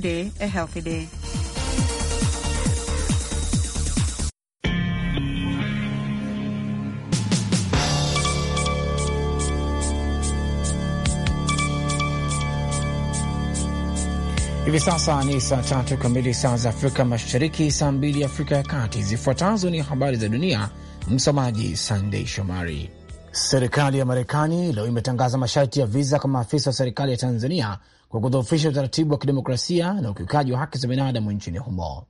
Day, a healthy day. Hivi sasa ni saa tatu kamili saa za Afrika Mashariki, saa mbili Afrika ya Kati. Zifuatazo ni habari za dunia, msomaji Sandei Shomari. Serikali ya Marekani leo imetangaza masharti ya viza kwa maafisa wa serikali ya Tanzania kwa kudhoofisha utaratibu wa kidemokrasia na ukiukaji wa haki za binadamu nchini humo.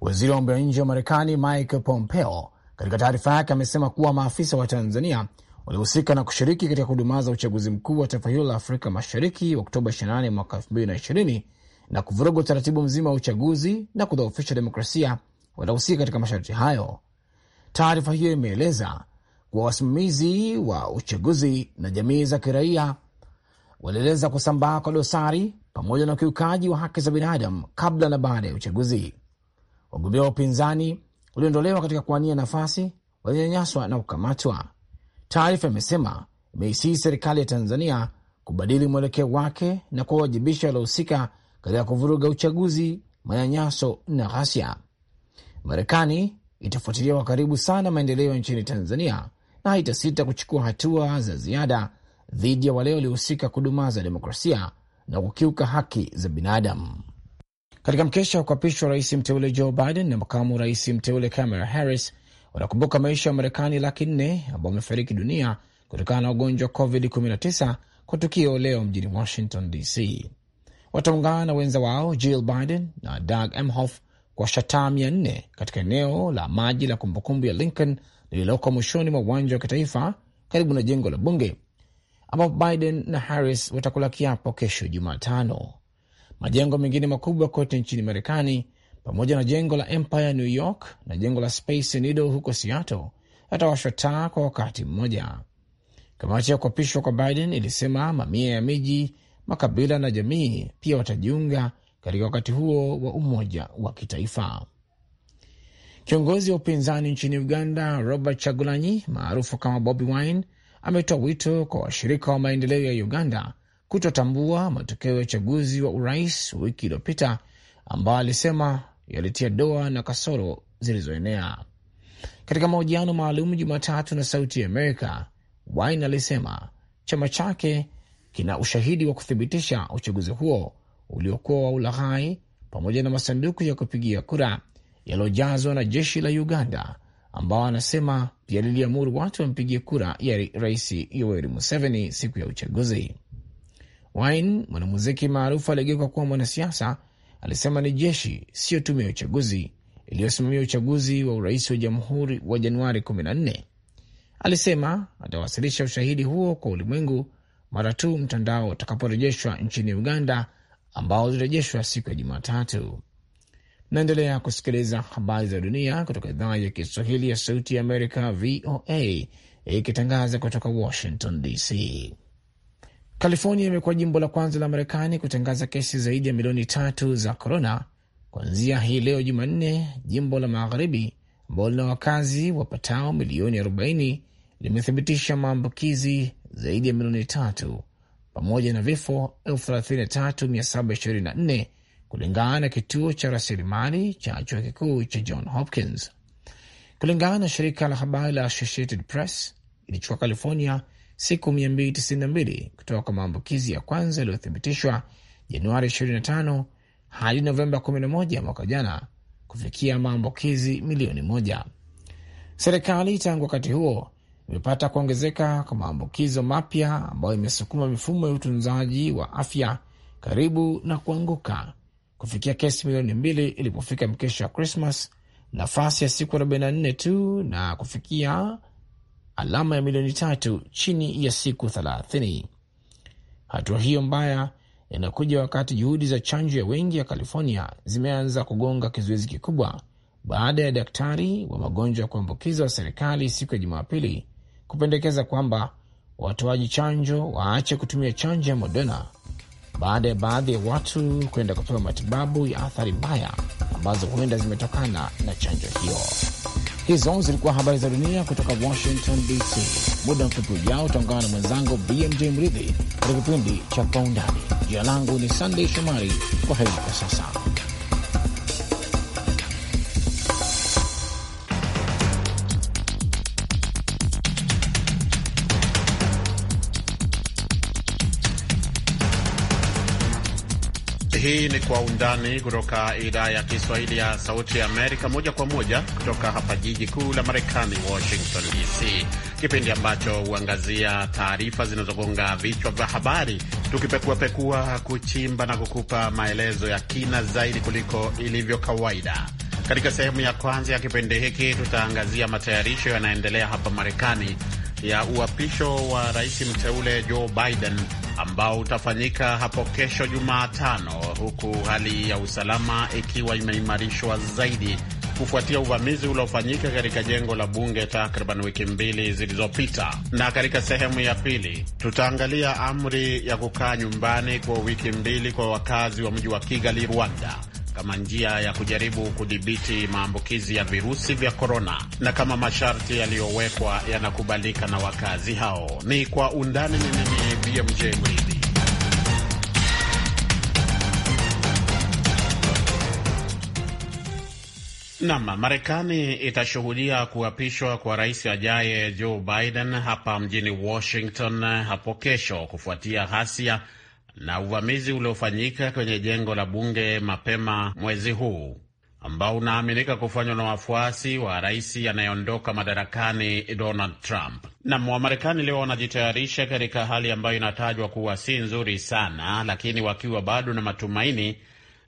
Waziri wa mambo ya nje wa Marekani Mike Pompeo katika taarifa yake amesema kuwa maafisa wa Tanzania waliohusika na kushiriki katika kudumaza uchaguzi mkuu wa taifa hilo la Afrika Mashariki Oktoba 28 mwaka 2020 na kuvuruga utaratibu mzima wa uchaguzi na kudhoofisha demokrasia wanahusika katika masharti hayo. Taarifa hiyo imeeleza kuwa wasimamizi wa uchaguzi na jamii za kiraia walieleza kusambaa kwa dosari pamoja na ukiukaji wa haki za binadamu kabla na baada ya uchaguzi. Wagombea wa upinzani waliondolewa katika kuwania nafasi, walinyanyaswa na kukamatwa. Taarifa imesema imeisii serikali ya Tanzania kubadili mwelekeo wake na kuwawajibisha waliohusika katika kuvuruga uchaguzi, manyanyaso na ghasia. Marekani itafuatilia kwa karibu sana maendeleo nchini Tanzania na haitasita kuchukua hatua za ziada dhidi ya wale waliohusika kudumaza demokrasia na kukiuka haki za binadamu. Katika mkesha wa kuapishwa rais mteule Joe Biden na makamu rais mteule Kamala Harris wanakumbuka maisha ya Marekani laki nne ambao wamefariki dunia kutokana na ugonjwa wa COVID-19 kwa tukio leo mjini Washington DC. Wataungana na wenza wao Jill Biden na Doug Emhoff kwa shataa mia nne katika eneo la maji la kumbukumbu ya Lincoln lililoko mwishoni mwa uwanja wa kitaifa karibu na jengo la bunge ambapo Biden na Harris watakula kiapo kesho Jumatano. Majengo mengine makubwa kote nchini Marekani pamoja na jengo la Empire New York na jengo la Space Needle huko Seattle yatawashwa taa kwa wakati mmoja. Kamati ya kuapishwa kwa Biden ilisema mamia ya miji, makabila na jamii pia watajiunga katika wakati huo wa umoja wa kitaifa. Kiongozi wa upinzani nchini Uganda Robert Chagulanyi maarufu kama Bobi Wine ametoa wito kwa washirika wa maendeleo ya Uganda kutotambua matokeo ya uchaguzi wa urais wiki iliyopita ambayo alisema yalitia doa na kasoro zilizoenea. Katika mahojiano maalum Jumatatu na Sauti ya Amerika, Wine alisema chama chake kina ushahidi wa kuthibitisha uchaguzi huo uliokuwa wa ulaghai pamoja na masanduku ya kupigia kura yaliyojazwa na jeshi la Uganda ambao anasema pia liliamuru watu wampigie kura ya Rais Yoweri Museveni siku ya uchaguzi. Wine, mwanamuziki maarufu aliyegeuka kuwa mwanasiasa, alisema ni jeshi, sio tume ya uchaguzi iliyosimamia uchaguzi wa urais wa jamhuri wa Januari 14. Alisema atawasilisha ushahidi huo kwa ulimwengu mara tu mtandao utakaporejeshwa nchini Uganda, ambao ulirejeshwa siku ya Jumatatu. Naendelea kusikiliza habari za dunia kutoka idhaa ya Kiswahili ya Sauti ya Amerika, VOA, ikitangaza kutoka Washington DC. California imekuwa jimbo la kwanza la Marekani kutangaza kesi zaidi ya milioni tatu za korona kuanzia hii leo Jumanne. Jimbo la magharibi ambalo lina wakazi wapatao milioni 40 limethibitisha maambukizi zaidi ya milioni tatu pamoja na vifo 33724 kulingana na kituo cha rasilimali cha chuo kikuu cha John Hopkins. Kulingana na shirika la habari la Associated Press, ilichukua California siku 292 kutoka kwa maambukizi ya kwanza yaliyothibitishwa Januari 25 hadi Novemba 11 mwaka jana kufikia maambukizi milioni moja. Serikali tangu wakati huo imepata kuongezeka kwa maambukizo mapya ambayo imesukuma mifumo ya utunzaji wa afya karibu na kuanguka kufikia kesi milioni mbili ilipofika mkesha wa Krismas, nafasi ya siku 44 tu na kufikia alama ya milioni tatu chini ya siku 30. Hatua hiyo mbaya inakuja wakati juhudi za chanjo ya wengi ya California zimeanza kugonga kizuizi kikubwa baada ya daktari wa magonjwa ya kuambukiza wa serikali siku ya Jumapili kupendekeza kwamba watoaji chanjo waache kutumia chanjo ya Moderna baada ya baadhi ya watu kwenda kupewa matibabu ya athari mbaya ambazo huenda zimetokana na chanjo hiyo. Hizo zilikuwa habari za dunia kutoka Washington DC. Muda mfupi ujao utaungana na mwenzangu BMJ Mridhi katika kipindi cha Kwa Undani. Jina langu ni Sandey Shomari. Kwa heri kwa sasa. Hii ni Kwa Undani kutoka idhaa ya Kiswahili ya Sauti ya Amerika, moja kwa moja kutoka hapa jiji kuu la Marekani, Washington DC, kipindi ambacho huangazia taarifa zinazogonga vichwa vya habari, tukipekuapekua, kuchimba na kukupa maelezo ya kina zaidi kuliko ilivyo kawaida. Katika sehemu ya kwanza ya kipindi hiki, tutaangazia matayarisho yanaendelea hapa Marekani ya uapisho wa rais mteule Joe Biden ambao utafanyika hapo kesho Jumatano, huku hali ya usalama ikiwa imeimarishwa zaidi kufuatia uvamizi uliofanyika katika jengo la bunge takriban wiki mbili zilizopita. Na katika sehemu ya pili tutaangalia amri ya kukaa nyumbani kwa wiki mbili kwa wakazi wa mji wa Kigali, Rwanda kama njia ya kujaribu kudhibiti maambukizi ya virusi vya korona na kama masharti yaliyowekwa yanakubalika na wakazi hao. Ni kwa undani. Mimi ni BMJ Mridhi. Nam, Marekani itashuhudia kuapishwa kwa rais ajaye Joe Biden hapa mjini Washington hapo kesho kufuatia ghasia na uvamizi uliofanyika kwenye jengo la bunge mapema mwezi huu ambao unaaminika kufanywa na wafuasi wa rais anayeondoka madarakani Donald Trump. Nam, Wamarekani leo wanajitayarisha katika hali ambayo inatajwa kuwa si nzuri sana, lakini wakiwa bado na matumaini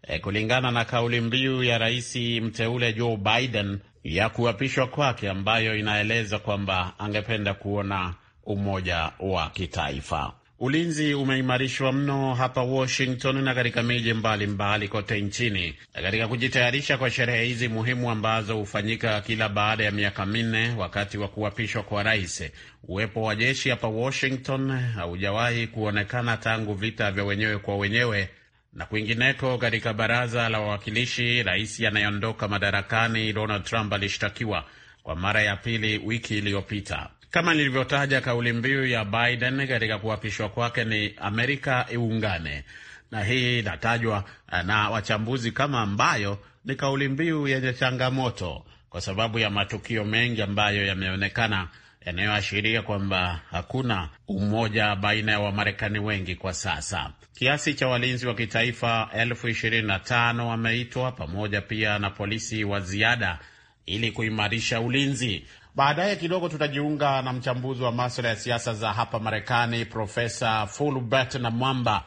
eh, kulingana na kauli mbiu ya rais mteule Joe Biden ya kuapishwa kwake ambayo inaeleza kwamba angependa kuona umoja wa kitaifa. Ulinzi umeimarishwa mno hapa Washington na katika miji mbalimbali kote nchini katika kujitayarisha kwa sherehe hizi muhimu ambazo hufanyika kila baada ya miaka minne wakati wa kuapishwa kwa rais. Uwepo wa jeshi hapa Washington haujawahi kuonekana tangu vita vya wenyewe kwa wenyewe na kwingineko. Katika baraza la wawakilishi, rais anayeondoka madarakani Donald Trump alishtakiwa kwa mara ya pili wiki iliyopita. Kama nilivyotaja, kauli mbiu ya Biden katika kuapishwa kwake ni Amerika iungane, na hii inatajwa eh, na wachambuzi kama ambayo ni kauli mbiu yenye changamoto kwa sababu ya matukio mengi ambayo yameonekana yanayoashiria kwamba hakuna umoja baina ya Wamarekani wengi kwa sasa. Kiasi cha walinzi wa kitaifa elfu ishirini na tano wameitwa pamoja pia na polisi wa ziada ili kuimarisha ulinzi. Baadaye kidogo tutajiunga na mchambuzi wa maswala ya siasa za hapa Marekani, Profesa Fulbert na Mwamba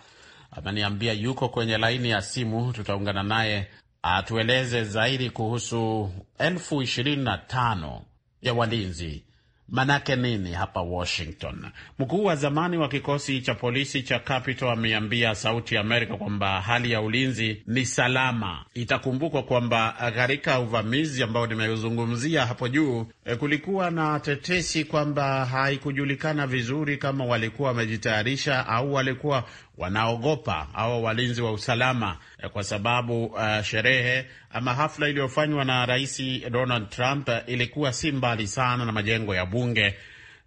ameniambia yuko kwenye laini ya simu. Tutaungana naye atueleze zaidi kuhusu elfu ishirini na tano ya walinzi Manake nini hapa Washington? Mkuu wa zamani wa kikosi cha polisi cha Capitol ameambia Sauti ya Amerika kwamba hali ya ulinzi ni salama. Itakumbukwa kwamba katika uvamizi ambao nimeuzungumzia hapo juu, e, kulikuwa na tetesi kwamba haikujulikana vizuri kama walikuwa wamejitayarisha au walikuwa wanaogopa au walinzi wa usalama eh, kwa sababu uh, sherehe ama hafla iliyofanywa na Rais Donald Trump eh, ilikuwa si mbali sana na majengo ya bunge,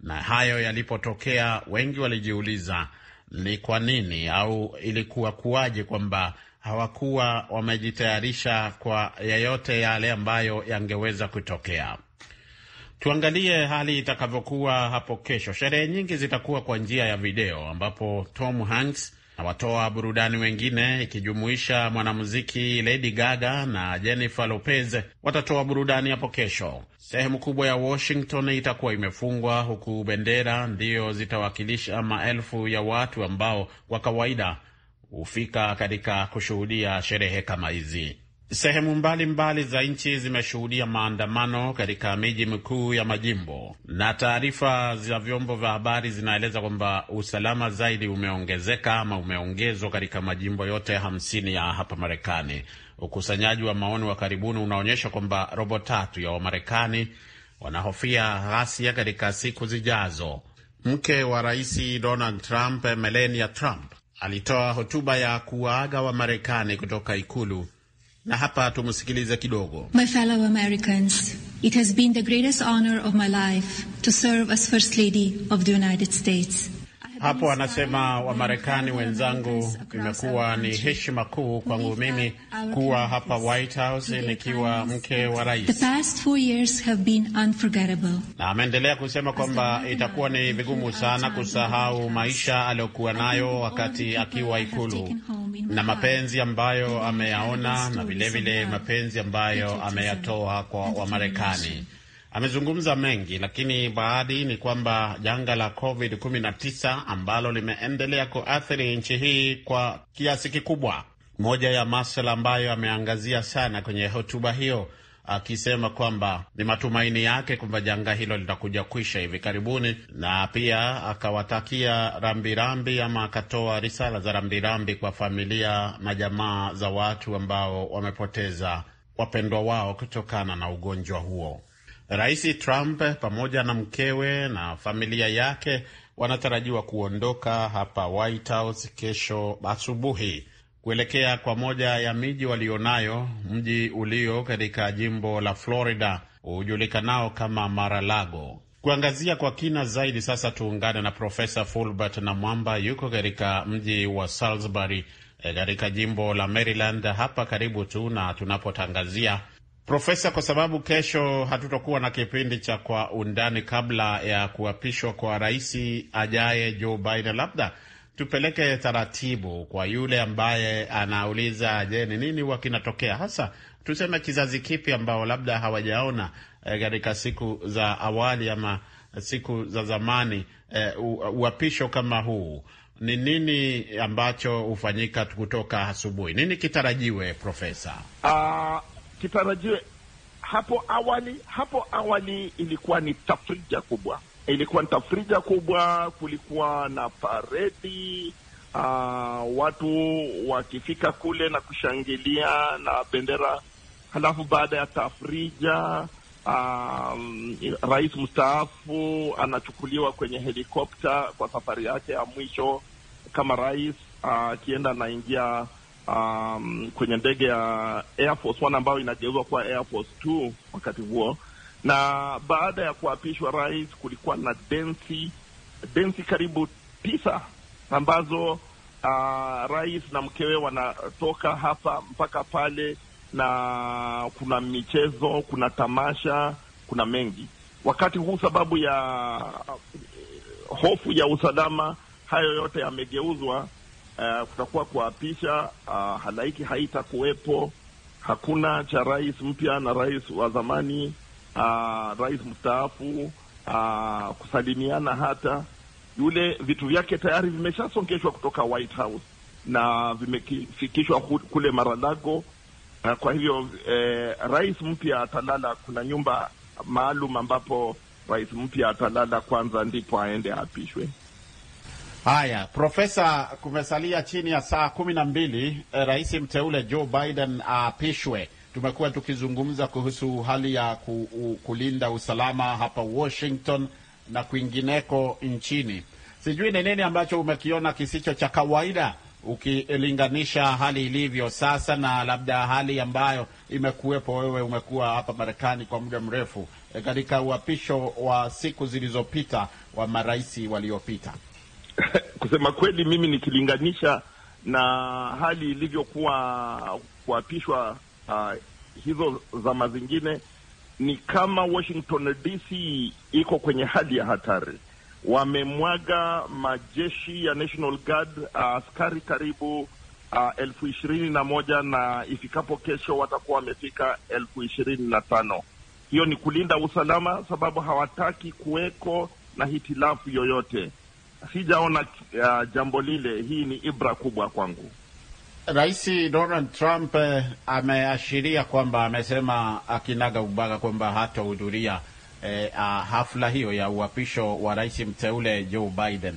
na hayo yalipotokea, wengi walijiuliza ni kwa nini au ilikuwa kuwaje kwamba hawakuwa wamejitayarisha kwa yeyote yale ambayo yangeweza kutokea. Tuangalie hali itakavyokuwa hapo kesho. Sherehe nyingi zitakuwa kwa njia ya video, ambapo Tom Hanks na watoa burudani wengine ikijumuisha mwanamuziki Lady Gaga na Jennifer Lopez watatoa burudani hapo kesho. Sehemu kubwa ya Washington itakuwa imefungwa, huku bendera ndiyo zitawakilisha maelfu ya watu ambao kwa kawaida hufika katika kushuhudia sherehe kama hizi. Sehemu mbalimbali za nchi zimeshuhudia maandamano katika miji mikuu ya majimbo, na taarifa za vyombo vya habari zinaeleza kwamba usalama zaidi umeongezeka ama umeongezwa katika majimbo yote hamsini ya hapa Marekani. Ukusanyaji wa maoni wa karibuni unaonyesha kwamba robo tatu ya Wamarekani wanahofia ghasia katika siku zijazo. Mke wa Rais Donald Trump, Melania Trump, alitoa hotuba ya kuwaaga Wamarekani kutoka Ikulu na hapa tumsikilize kidogo. My fellow Americans, it has been the greatest honor of my life to serve as First Lady of the United States. Hapo anasema Wamarekani wenzangu, imekuwa ni heshima kuu kwangu mimi kuwa hapa White House nikiwa mke wa rais. Na ameendelea kusema kwamba itakuwa ni vigumu sana kusahau maisha aliyokuwa nayo wakati akiwa Ikulu na mapenzi ambayo ameyaona na vilevile mapenzi ambayo ameyatoa kwa Wamarekani amezungumza mengi, lakini baadhi ni kwamba janga la COVID-19 ambalo limeendelea kuathiri nchi hii kwa kiasi kikubwa, moja ya masuala ambayo ameangazia sana kwenye hotuba hiyo, akisema kwamba ni matumaini yake kwamba janga hilo litakuja kwisha hivi karibuni, na pia akawatakia rambirambi ama akatoa risala za rambirambi kwa familia na jamaa za watu ambao wamepoteza wapendwa wao kutokana na ugonjwa huo. Rais Trump pamoja na mkewe na familia yake wanatarajiwa kuondoka hapa White House kesho asubuhi kuelekea kwa moja ya miji walionayo, mji ulio katika jimbo la Florida hujulikanao kama Maralago. lago Kuangazia kwa kina zaidi, sasa tuungane na Profesa Fulbert na Mwamba, yuko katika mji wa Salisbury eh, katika jimbo la Maryland, hapa karibu tu na tunapotangazia Profesa, kwa sababu kesho hatutakuwa na kipindi cha kwa undani kabla ya kuapishwa kwa rais ajaye Joe Biden, labda tupeleke taratibu kwa yule ambaye anauliza, je, ni nini huwa kinatokea hasa, tuseme kizazi kipi ambao labda hawajaona eh, katika e, siku za awali ama siku za zamani e, uapisho kama huu ni nini ambacho hufanyika kutoka asubuhi? Nini kitarajiwe, Profesa? Uh, kitarajiwe. Hapo awali, hapo awali ilikuwa ni tafrija kubwa, ilikuwa ni tafrija kubwa, kulikuwa na paredi Uh, watu wakifika kule na kushangilia na bendera. Halafu baada ya tafrija, um, rais mstaafu anachukuliwa kwenye helikopta kwa safari yake ya mwisho kama rais, ah, akienda uh, anaingia um, kwenye ndege ya Air Force One ambayo inageuzwa kuwa Air Force Two wakati huo, na baada ya kuapishwa rais, kulikuwa na densi densi karibu tisa ambazo uh, rais na mkewe wanatoka hapa mpaka pale, na kuna michezo, kuna tamasha, kuna mengi. Wakati huu sababu ya uh, hofu ya usalama, hayo yote yamegeuzwa uh, kutakuwa kuapisha uh, halaiki haitakuwepo. Hakuna cha rais mpya na rais wa zamani uh, rais mstaafu uh, kusalimiana hata yule vitu vyake tayari vimeshasongeshwa kutoka White House na vimefikishwa kule Maralago. Kwa hivyo eh, rais mpya atalala, kuna nyumba maalum ambapo rais mpya atalala kwanza, ndipo aende aapishwe. Haya, Profesa, kumesalia chini ya saa kumi na mbili eh, rais mteule Joe Biden aapishwe. Tumekuwa tukizungumza kuhusu hali ya ku, u, kulinda usalama hapa Washington na kwingineko nchini. Sijui ni nini ambacho umekiona kisicho cha kawaida ukilinganisha hali ilivyo sasa na labda hali ambayo imekuwepo, wewe umekuwa hapa Marekani kwa muda mrefu, eh, katika uapisho wa siku zilizopita wa marais waliopita. kusema kweli, mimi nikilinganisha na hali ilivyokuwa kuapishwa uh, hizo zama zingine, ni kama Washington DC iko kwenye hali ya hatari. Wamemwaga majeshi ya National Guard uh, askari uh, karibu Uh, elfu ishirini na moja na ifikapo kesho watakuwa wamefika elfu ishirini na tano. Hiyo ni kulinda usalama, sababu hawataki kuweko na hitilafu yoyote sijaona uh, jambo lile. Hii ni ibra kubwa kwangu. Rais Donald Trump eh, ameashiria kwamba, amesema akinaga ubaga kwamba hatahudhuria eh, ah, hafla hiyo ya uapisho wa rais mteule Joe Biden.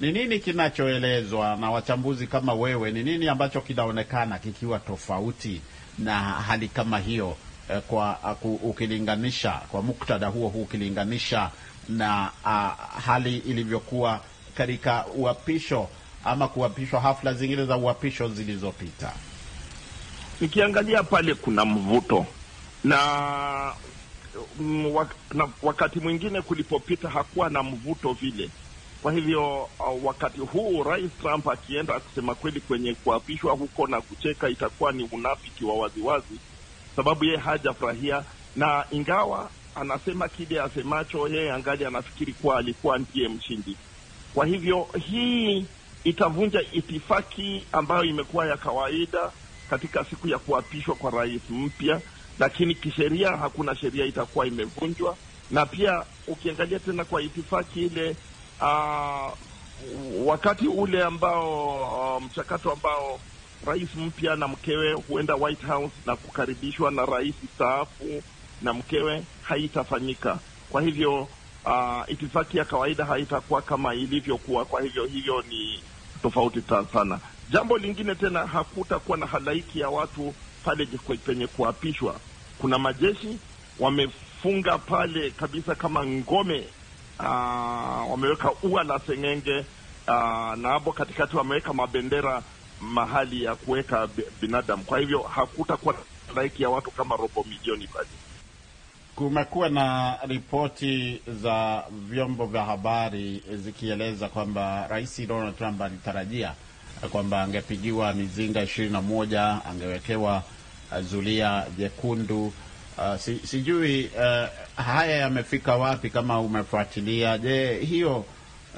Ni nini kinachoelezwa na wachambuzi kama wewe? Ni nini ambacho kinaonekana kikiwa tofauti na hali kama hiyo eh, kwa ah, ukilinganisha kwa muktadha huo huu ukilinganisha na uh, hali ilivyokuwa katika uapisho ama kuapishwa, hafla zingine za uapisho zilizopita? Nikiangalia pale kuna mvuto na mm, wakati mwingine kulipopita hakuwa na mvuto vile. Kwa hivyo uh, wakati huu Rais Trump akienda kusema kweli kwenye kuapishwa huko na kucheka, itakuwa ni unafiki wa waziwazi, sababu yeye hajafurahia, na ingawa anasema kile asemacho, yeye angali anafikiri kuwa alikuwa ndiye mshindi. Kwa hivyo hii itavunja itifaki ambayo imekuwa ya kawaida katika siku ya kuapishwa kwa rais mpya, lakini kisheria hakuna sheria itakuwa imevunjwa. Na pia ukiangalia tena kwa itifaki ile uh, wakati ule ambao ah, mchakato ambao rais mpya na mkewe huenda White House na kukaribishwa na rais staafu na mkewe haitafanyika. Kwa hivyo uh, itifaki ya kawaida haitakuwa kama ilivyokuwa. Kwa hivyo hivyo ni tofauti sana. Jambo lingine tena, hakutakuwa na halaiki ya watu pale penye kuapishwa. Kuna majeshi wamefunga pale kabisa kama ngome uh, wameweka ua la seng'enge uh, na hapo katikati wameweka mabendera mahali ya kuweka binadamu. Kwa hivyo hakutakuwa na halaiki ya watu kama robo milioni pale. Kumekuwa na ripoti za vyombo vya habari zikieleza kwamba Rais Donald Trump alitarajia kwamba angepigiwa mizinga ishirini na moja, angewekewa zulia jekundu. Uh, si, sijui uh, haya yamefika wapi? Kama umefuatilia, je, hiyo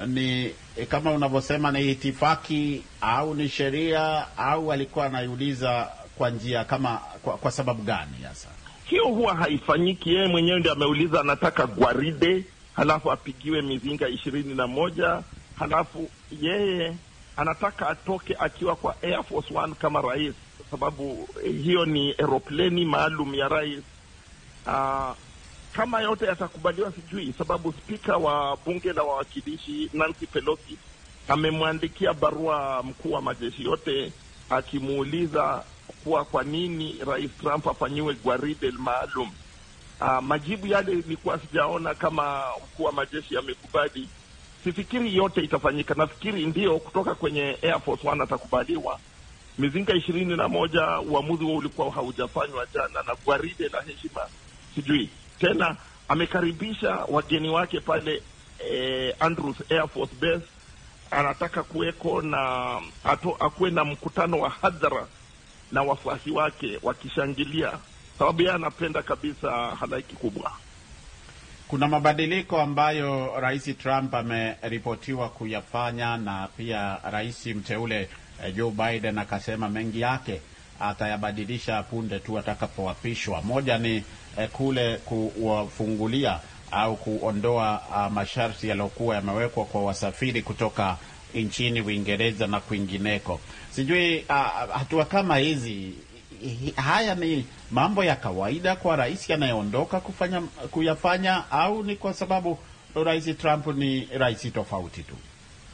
ni eh, kama unavyosema ni itifaki au ni sheria au alikuwa anaiuliza kwa njia kama kwa, kwa sababu gani hasa? hiyo huwa haifanyiki. Yeye mwenyewe ndio ameuliza anataka gwaride, halafu apigiwe mizinga ishirini na moja halafu yeye anataka atoke akiwa kwa Air Force One kama rais, kwa sababu eh, hiyo ni eropleni maalum ya rais. Aa, ah, kama yote yatakubaliwa sijui, sababu spika wa bunge la wawakilishi Nancy Pelosi amemwandikia barua mkuu wa majeshi yote akimuuliza kuwa kwa nini Rais Trump afanyiwe gwaride maalum. Uh, majibu yale ilikuwa sijaona kama mkuu wa majeshi amekubali. Sifikiri yote itafanyika, nafikiri ndio kutoka kwenye Air Force One atakubaliwa. Mizinga ishirini na moja, uamuzi huo ulikuwa haujafanywa jana, na gwaride la heshima sijui tena. Amekaribisha wageni wake pale eh, Andrews Air Force Base, anataka kuweko na ato, akuwe na mkutano wa hadhara na wafuasi wake wakishangilia, sababu yeye anapenda kabisa halaiki kubwa. Kuna mabadiliko ambayo Rais Trump ameripotiwa kuyafanya na pia rais mteule eh, Joe Biden akasema mengi yake atayabadilisha punde tu atakapoapishwa. Moja ni eh, kule kuwafungulia au kuondoa ah, masharti yaliyokuwa yamewekwa kwa wasafiri kutoka nchini Uingereza na kwingineko. Sijui uh, hatua kama hizi haya ni mambo ya kawaida kwa rais anayeondoka kufanya kuyafanya, au ni kwa sababu rais Trump ni rais tofauti tu?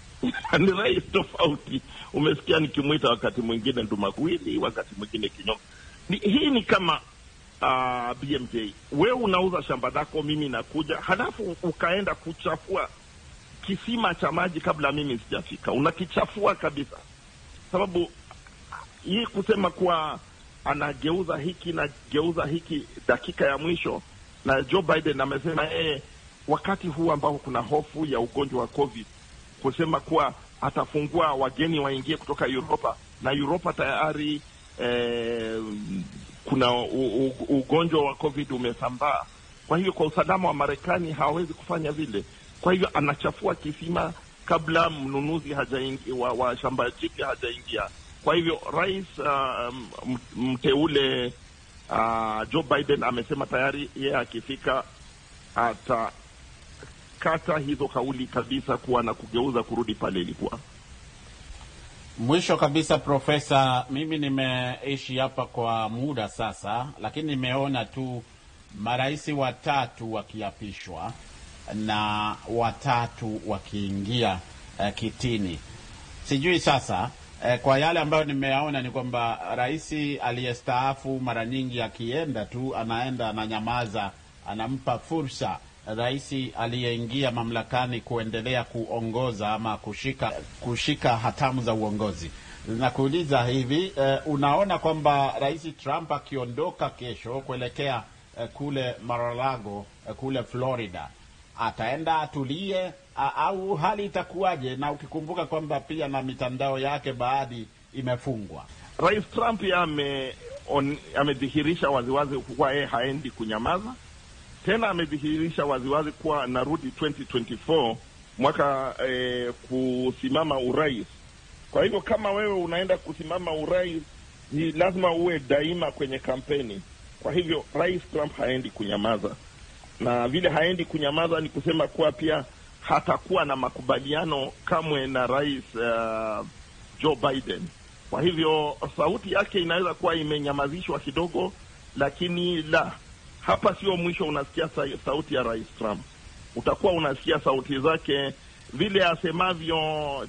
ni rais tofauti. Umesikia nikimwita wakati mwingine ndumakuwili, wakati mwingine kinyoma. Hii ni kama uh, BMJ, wewe unauza shamba lako, mimi nakuja, halafu ukaenda kuchafua kisima cha maji kabla mimi sijafika, unakichafua kabisa. Sababu hii kusema kuwa anageuza hiki nageuza hiki dakika ya mwisho, na Joe Biden amesema yeye wakati huu ambao kuna hofu ya ugonjwa wa COVID kusema kuwa atafungua wageni waingie kutoka Uropa na Uropa tayari eh, kuna u, u, ugonjwa wa COVID umesambaa. Kwa hiyo kwa usalama wa Marekani hawawezi kufanya vile. Kwa hivyo anachafua kisima kabla mnunuzi hajaingia, wa, wa shamba jipya hajaingia. Kwa hivyo rais uh, mteule uh, Joe Biden amesema tayari yeye akifika atakata hizo kauli kabisa kuwa na kugeuza kurudi pale ilikuwa. Mwisho kabisa, Profesa, mimi nimeishi hapa kwa muda sasa, lakini nimeona tu marais watatu wakiapishwa na watatu wakiingia eh, kitini. Sijui sasa eh, kwa yale ambayo nimeyaona ni kwamba rais aliyestaafu mara nyingi akienda tu anaenda ananyamaza, anampa fursa rais aliyeingia mamlakani kuendelea kuongoza ama kushika, kushika hatamu za uongozi. Nakuuliza hivi eh, unaona kwamba rais Trump akiondoka kesho kuelekea eh, kule Mar-a-Lago eh, kule Florida ataenda atulie au hali itakuwaje? Na ukikumbuka kwamba pia na mitandao yake baadhi imefungwa. Rais Trump amedhihirisha waziwazi kuwa yeye haendi kunyamaza tena, amedhihirisha waziwazi kuwa anarudi 2024 mwaka e, kusimama urais. Kwa hivyo kama wewe unaenda kusimama urais, ni lazima uwe daima kwenye kampeni. Kwa hivyo Rais Trump haendi kunyamaza na vile haendi kunyamaza, ni kusema kuwa pia hatakuwa na makubaliano kamwe na rais uh, Joe Biden. Kwa hivyo sauti yake inaweza kuwa imenyamazishwa kidogo, lakini la hapa sio mwisho. Unasikia sauti ya rais Trump, utakuwa unasikia sauti zake vile asemavyo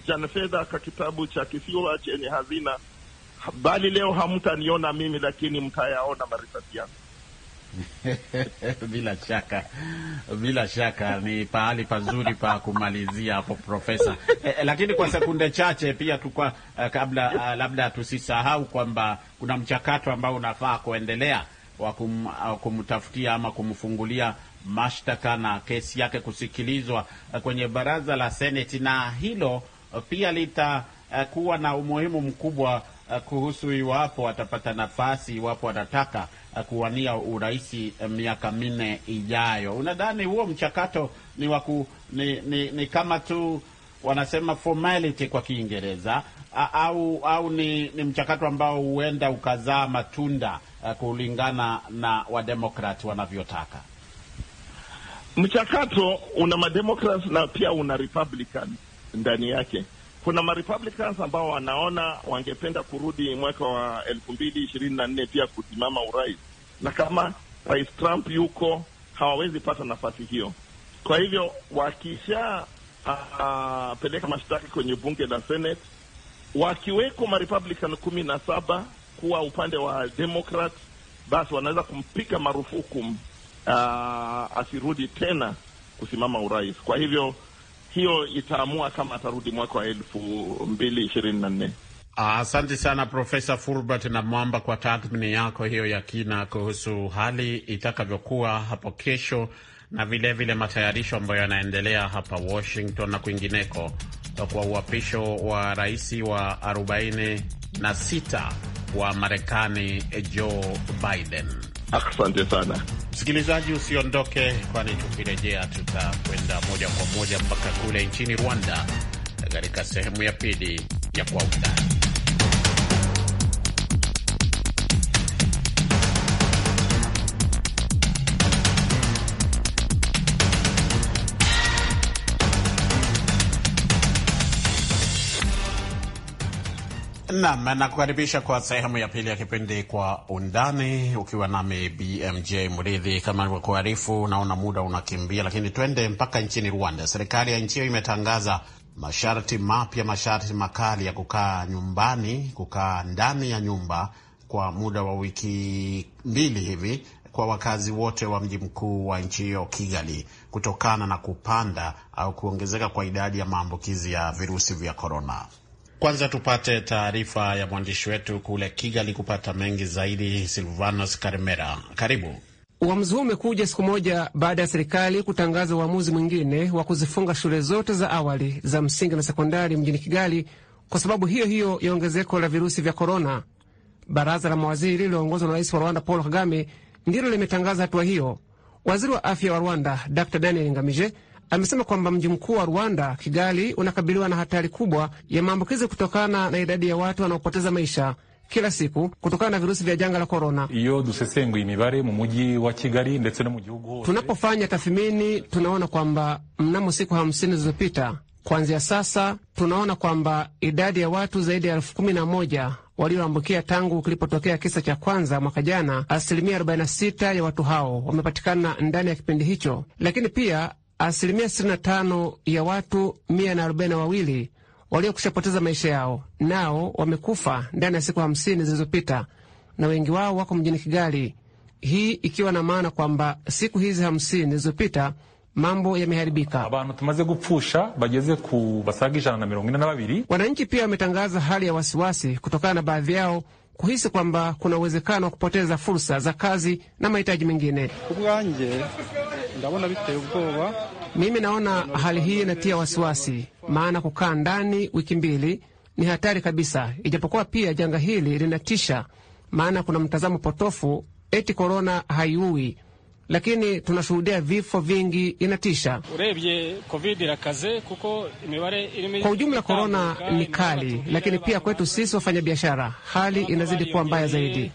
Jan Fedha ka kitabu cha kisiwa chenye hazina, bali leo hamtaniona mimi, lakini mtayaona marisati yangu. bila shaka, bila shaka ni pahali pazuri pa kumalizia hapo Profesa. Eh, eh lakini kwa sekunde chache pia tukwa, uh, eh, kabla uh, labda tusisahau kwamba kuna mchakato ambao unafaa kuendelea wa kum, ah, kumtafutia ama kumfungulia mashtaka na kesi yake kusikilizwa eh, kwenye baraza la Seneti, na hilo pia litakuwa na umuhimu mkubwa Eh, kuhusu iwapo watapata nafasi, iwapo watataka eh, kuwania uraisi eh, miaka minne ijayo. Unadhani huo mchakato ni, waku, ni, ni, ni kama tu wanasema formality kwa Kiingereza au, au ni, ni mchakato ambao huenda ukazaa matunda kulingana na wademokrati wanavyotaka? Mchakato una mademokrat na pia una republican ndani yake kuna marepublicans ambao wanaona wangependa kurudi mwaka wa elfu mbili ishirini na nne pia kusimama urais, na kama rais Trump yuko hawawezi pata nafasi hiyo. Kwa hivyo wakishapeleka ah, ah, mashtaka kwenye bunge la Senate, wakiweko marepublican kumi na saba kuwa upande wa Democrat, basi wanaweza kumpiga marufuku uh, asirudi tena kusimama urais. Kwa hivyo hiyo itaamua kama atarudi mwaka wa elfu mbili ishirini na nne. Asante sana Profesa Fulbert na Mwamba kwa tathmini yako hiyo ya kina kuhusu hali itakavyokuwa hapo kesho na vilevile vile matayarisho ambayo yanaendelea hapa Washington na kwingineko kwa uapisho wa rais wa 46 wa Marekani Joe Biden. Asante sana. Msikilizaji, usiondoke, kwani tukirejea tutakwenda moja kwa moja mpaka kule nchini Rwanda katika sehemu ya pili ya Kwa Undani. Naam, nakukaribisha kwa sehemu ya pili ya kipindi Kwa Undani, ukiwa nami BMJ Mridhi. Kama nilivyokuarifu, naona muda unakimbia, lakini twende mpaka nchini Rwanda. Serikali ya nchi hiyo imetangaza masharti mapya, masharti makali ya kukaa nyumbani, kukaa ndani ya nyumba kwa muda wa wiki mbili hivi kwa wakazi wote wa mji mkuu wa nchi hiyo Kigali, kutokana na kupanda au kuongezeka kwa idadi ya maambukizi ya virusi vya korona. Kwanza tupate taarifa ya mwandishi wetu kule Kigali kupata mengi zaidi. Silvanos Karmera, karibu. Uamuzi huu umekuja siku moja baada ya serikali kutangaza uamuzi mwingine wa kuzifunga shule zote za awali za msingi na sekondari mjini Kigali kwa sababu hiyo hiyo ya ongezeko la virusi vya korona. Baraza la mawaziri lililoongozwa na rais wa Rwanda Paul Kagame ndilo limetangaza hatua hiyo. Waziri wa afya wa Rwanda Dr Daniel Ngamije amesema kwamba mji mkuu wa Rwanda, Kigali, unakabiliwa na hatari kubwa ya maambukizi kutokana na idadi ya watu wanaopoteza maisha kila siku kutokana na virusi vya janga la korona. Tunapofanya tathmini, tunaona kwamba mnamo siku hamsini zilizopita kuanzia sasa, tunaona kwamba idadi ya watu zaidi ya elfu kumi na moja walioambukia tangu kilipotokea kisa cha kwanza mwaka jana. Asilimia 46 ya watu hao wamepatikana ndani ya kipindi hicho, lakini pia asilimia 65 ya watu 142 waliokushapoteza maisha yao, nao wamekufa ndani ya siku 50 zilizopita, na wengi wao wako mjini Kigali, hii ikiwa na maana kwamba siku hizi 50 zilizopita mambo yameharibika. abantu tumaze gupfusha bageze ku basaga ijana na mirongo ine na babiri. Wananchi pia wametangaza hali ya wasiwasi kutokana na baadhi yao kuhisi kwamba kuna uwezekano wa kupoteza fursa za kazi na mahitaji mengine. Mimi naona hali hii inatia wasiwasi, maana kukaa ndani wiki mbili ni hatari kabisa, ijapokuwa pia janga hili linatisha, maana kuna mtazamo potofu eti korona haiui lakini tunashuhudia vifo vingi, inatisha kwa ujumla. Korona ni kali, lakini pia kwetu sisi wafanyabiashara hali inazidi kuwa mbaya zaidi.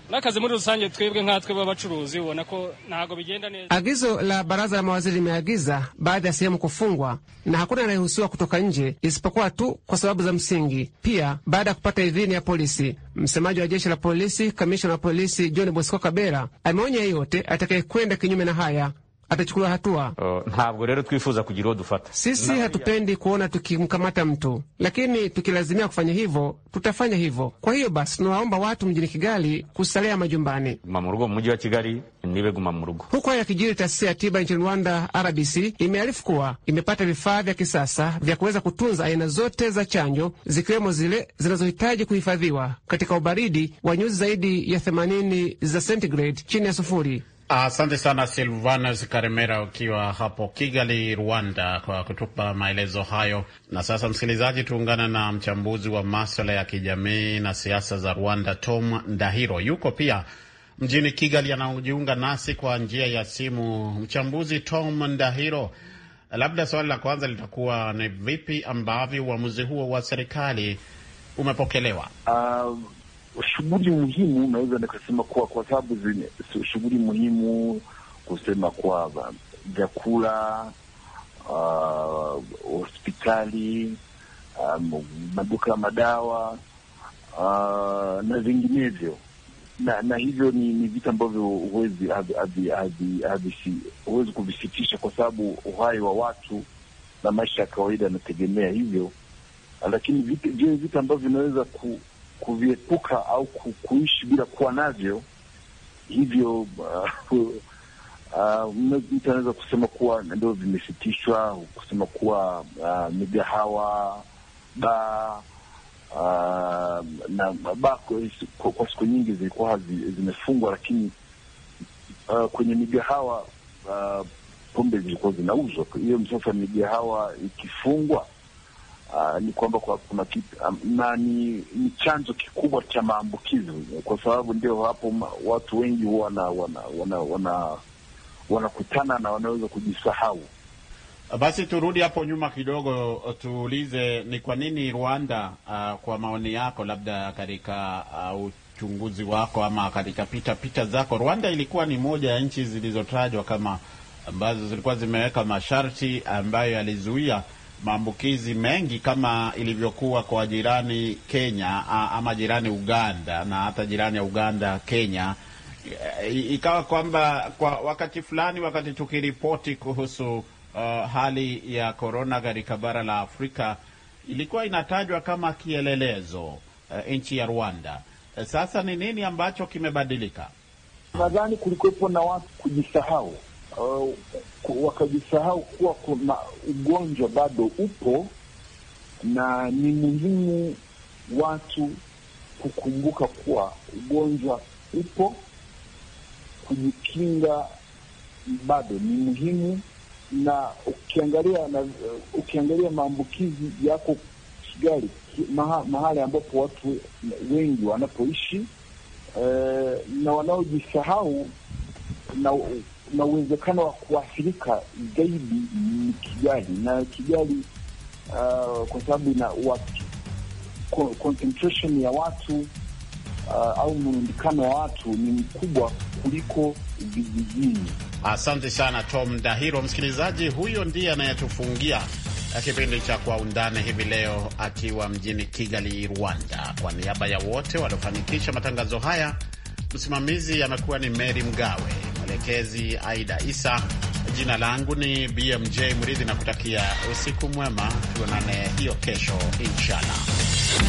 Agizo la baraza la mawaziri limeagiza baadhi ya sehemu kufungwa na hakuna anayeruhusiwa kutoka nje isipokuwa tu kwa sababu za msingi, pia baada ya kupata idhini ya polisi. Msemaji wa jeshi la polisi, kamishna wa polisi John Bosco Kabera ameonya yeyote atakayekwenda kinyume kinyume na haya atachukuliwa hatua. Oh, ntabwo rero twifuza kugira uwo dufata. Sisi hatupendi kuona tukimkamata mtu, lakini tukilazimia kufanya hivyo tutafanya hivyo. Kwa hiyo basi, tunawaomba watu mjini Kigali kusalia majumbani, mamurugo mji wa Kigali niwe guma murugo. Huku haya kijiri, taasisi ya tiba nchini Rwanda RBC imearifu kuwa imepata vifaa vya kisasa vya kuweza kutunza aina zote za chanjo zikiwemo zile zinazohitaji kuhifadhiwa katika ubaridi wa nyuzi zaidi ya themanini za sentigrade chini ya sufuri. Asante sana Silvanus Karemera ukiwa hapo Kigali, Rwanda, kwa kutupa maelezo hayo. Na sasa, msikilizaji, tuungana na mchambuzi wa maswala ya kijamii na siasa za Rwanda, Tom Ndahiro, yuko pia mjini Kigali, anaojiunga nasi kwa njia ya simu. Mchambuzi Tom Ndahiro, labda swali la kwanza litakuwa ni vipi ambavyo uamuzi huo wa serikali umepokelewa? um shughuli muhimu, naweza nikasema kuwa kwa sababu shughuli muhimu kusema kwa vyakula, uh, hospitali, um, maduka ya madawa uh, na vinginevyo na na hivyo ni, ni vitu ambavyo huwezi huwezi kuvisitisha kwa sababu uhai wa watu na maisha ya kawaida yanategemea hivyo, lakini vile vitu ambavyo vinaweza kuviepuka au kuishi bila kuwa navyo. Hivyo uh, uh, mtu anaweza kusema kuwa ndio vimesitishwa, kusema kuwa uh, migahawa baa uh, na baa kwa siku nyingi zilikuwa zimefungwa, lakini uh, kwenye migahawa uh, pombe zilikuwa zinauzwa. Hiyo sasa migahawa ikifungwa Uh, ni kwamba kwa kuna ah, na ni, ni chanzo kikubwa cha maambukizi, kwa sababu ndio hapo watu wengi wana wanakutana wana, wana, wana na wanaweza kujisahau. Basi turudi hapo nyuma kidogo, tuulize ni kwa nini Rwanda, uh, kwa maoni yako, labda katika uh, uchunguzi wako ama katika pita pita zako, Rwanda ilikuwa ni moja ya nchi zilizotajwa kama ambazo zilikuwa zimeweka masharti ambayo yalizuia maambukizi mengi kama ilivyokuwa kwa jirani Kenya ama jirani Uganda na hata jirani ya Uganda Kenya, e, ikawa kwamba kwa wakati fulani, wakati tukiripoti kuhusu uh, hali ya korona katika bara la Afrika ilikuwa inatajwa kama kielelezo uh, nchi ya Rwanda. Sasa ni nini ambacho kimebadilika? Nadhani kulikuwepo na watu kujisahau uh, wakajisahau kuwa kuna ugonjwa bado upo, na ni muhimu watu kukumbuka kuwa ugonjwa upo, kujikinga bado ni muhimu, na ukiangalia na uh, ukiangalia maambukizi yako Kigali, maha, mahali ambapo watu wengi wanapoishi uh, na wanaojisahau na na uwezekano wa kuathirika zaidi ni Kigali na Kigali uh, kwa sababu ina watu, concentration ya watu uh, au mrundikano wa watu ni mkubwa kuliko vijijini. Asante sana Tom Dahiro. Msikilizaji huyo ndiye anayetufungia kipindi cha Kwa Undani hivi leo akiwa mjini Kigali, Rwanda. Kwa niaba ya wote waliofanikisha matangazo haya, msimamizi amekuwa ni Mary Mgawe mwelekezi Aida Isa. Jina langu ni BMJ Mridhi na kutakia usiku mwema, tuonane hiyo kesho inshallah.